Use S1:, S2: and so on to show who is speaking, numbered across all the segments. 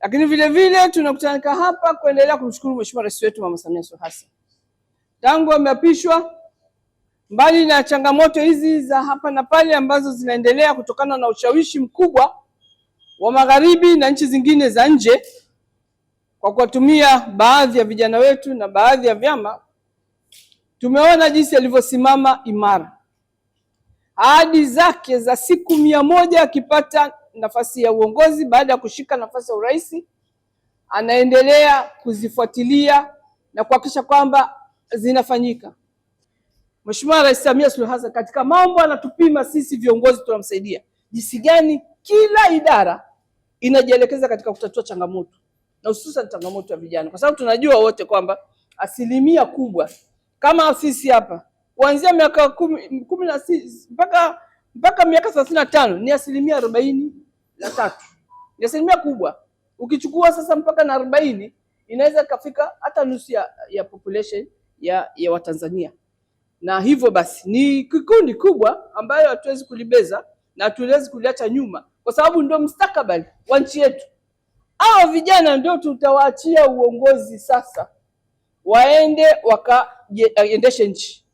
S1: Lakini vile vile tunakutanika hapa kuendelea kumshukuru Mheshimiwa Rais wetu Mama Samia Suluhu Hassan tangu ameapishwa, mbali na changamoto hizi za hapa na pale ambazo zinaendelea kutokana na ushawishi mkubwa wa magharibi na nchi zingine za nje kwa kuwatumia baadhi ya vijana wetu na baadhi ya vyama, tumeona jinsi alivyosimama imara, ahadi zake za siku mia moja akipata nafasi ya uongozi baada ya kushika nafasi ya urais, anaendelea kuzifuatilia na kuhakikisha kwamba zinafanyika. Mheshimiwa Rais Samia Suluhu Hassan katika mambo anatupima sisi viongozi, tunamsaidia jinsi gani kila idara inajielekeza katika kutatua changamoto na hususan changamoto ya vijana, kwa sababu tunajua wote kwamba asilimia kubwa kama sisi hapa kuanzia miaka kumi na sita mpaka mpaka miaka thelathini na tano ni asilimia arobaini la tatu ni asilimia kubwa. Ukichukua sasa mpaka na arobaini inaweza ikafika hata nusu ya, ya population ya, ya Watanzania, na hivyo basi ni kikundi kubwa ambayo hatuwezi kulibeza na hatuwezi kuliacha nyuma, kwa sababu ndio mustakabali wa nchi yetu. Hao vijana ndio tutawaachia uongozi sasa, waende wakaendeshe eh, nchi.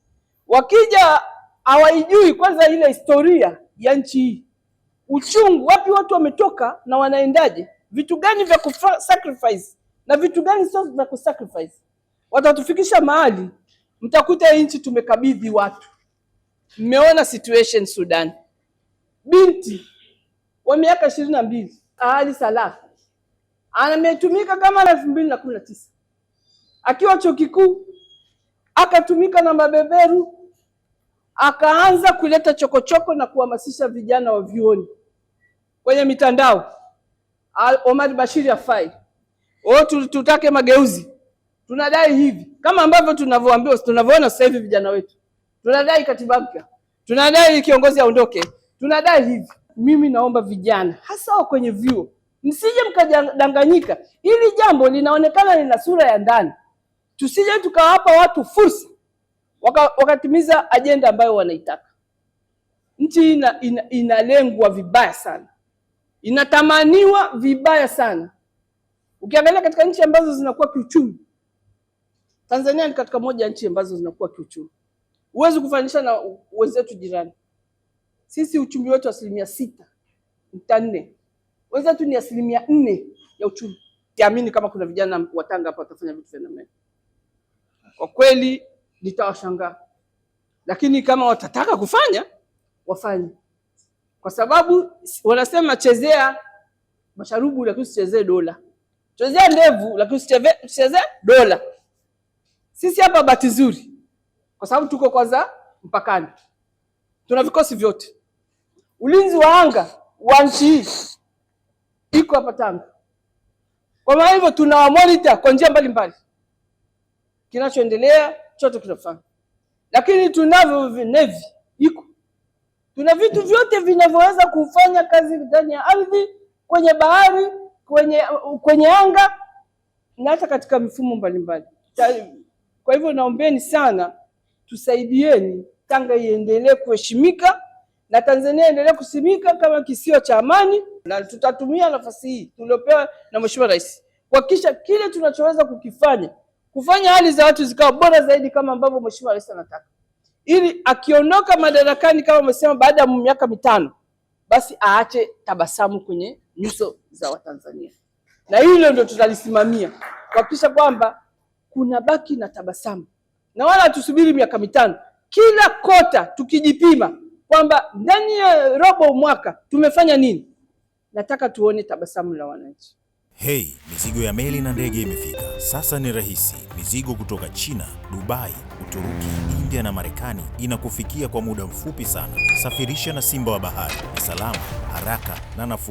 S1: Wakija hawaijui kwanza ile historia ya nchi hii uchungu, wapi watu wametoka na wanaendaje, vitu gani vya kusacrifice na vitu gani sio vya kusacrifice. Watatufikisha mahali mtakuta nchi tumekabidhi watu. Mmeona situation Sudan, binti wa miaka ishirini na mbili Ali Salah ametumika kama elfu mbili na kumi na tisa akiwa chuo kikuu akatumika na mabeberu akaanza kuleta chokochoko na kuhamasisha vijana wa vyuoni kwenye mitandao. Omar Bashir afai o, oh, tutake mageuzi, tunadai hivi kama ambavyo tunavyoambiwa, tunavyoona sasa hivi vijana wetu, tunadai katiba mpya, tunadai kiongozi aondoke, tunadai hivi. Mimi naomba vijana hasa wa kwenye vyuo msije mkadanganyika, hili jambo linaonekana lina sura ya ndani, tusije tukawapa watu fursa waka, wakatimiza ajenda ambayo wanaitaka. Nchi ina, ina, inalengwa vibaya sana, inatamaniwa vibaya sana. Ukiangalia katika nchi ambazo zinakuwa kiuchumi, Tanzania ni katika moja ya nchi ambazo zinakuwa kiuchumi. Huwezi kufanisha na wenzetu jirani. Sisi uchumi wetu asilimia sita nukta nne wenzetu ni asilimia nne ya uchumi. Kiamini kama kuna vijana wa Tanga hapa watafanya vitu hiyo. kwa kweli nitawashangaa, lakini kama watataka kufanya wafanye, kwa sababu wanasema chezea masharubu lakini usichezee dola, chezea ndevu lakini usichezee dola. Sisi hapa bahati nzuri, kwa sababu tuko kwanza mpakani, tuna vikosi vyote. Ulinzi wa anga wa nchi hii iko hapa Tanga. Kwa maana hivyo tunawamonita kwa njia mbalimbali kinachoendelea chote kinafanya, lakini tunavyo vinevi iko, tuna vitu vyote vinavyoweza kufanya kazi ndani ya ardhi, kwenye bahari, kwenye kwenye anga na hata katika mifumo mbalimbali. Kwa hivyo naombeni sana tusaidieni, Tanga iendelee kuheshimika na Tanzania iendelee kusimika kama kisio cha amani, na tutatumia nafasi hii tuliopewa na Mheshimiwa Rais kuhakikisha kile tunachoweza kukifanya kufanya hali za watu zikawa bora zaidi kama ambavyo mheshimiwa rais anataka, ili akiondoka madarakani kama amesema, baada ya miaka mitano, basi aache tabasamu kwenye nyuso za Watanzania, na hilo ndio tutalisimamia kuhakikisha kwamba kuna baki na tabasamu, na wala hatusubiri miaka mitano. Kila kota tukijipima kwamba ndani ya robo mwaka tumefanya nini, nataka tuone tabasamu la wananchi. Hei, mizigo ya meli na ndege imefika. Sasa ni rahisi. Mizigo kutoka China, Dubai, Uturuki, India na Marekani inakufikia kwa muda mfupi sana. Safirisha na Simba wa Bahari. Ni salama, haraka na nafuu.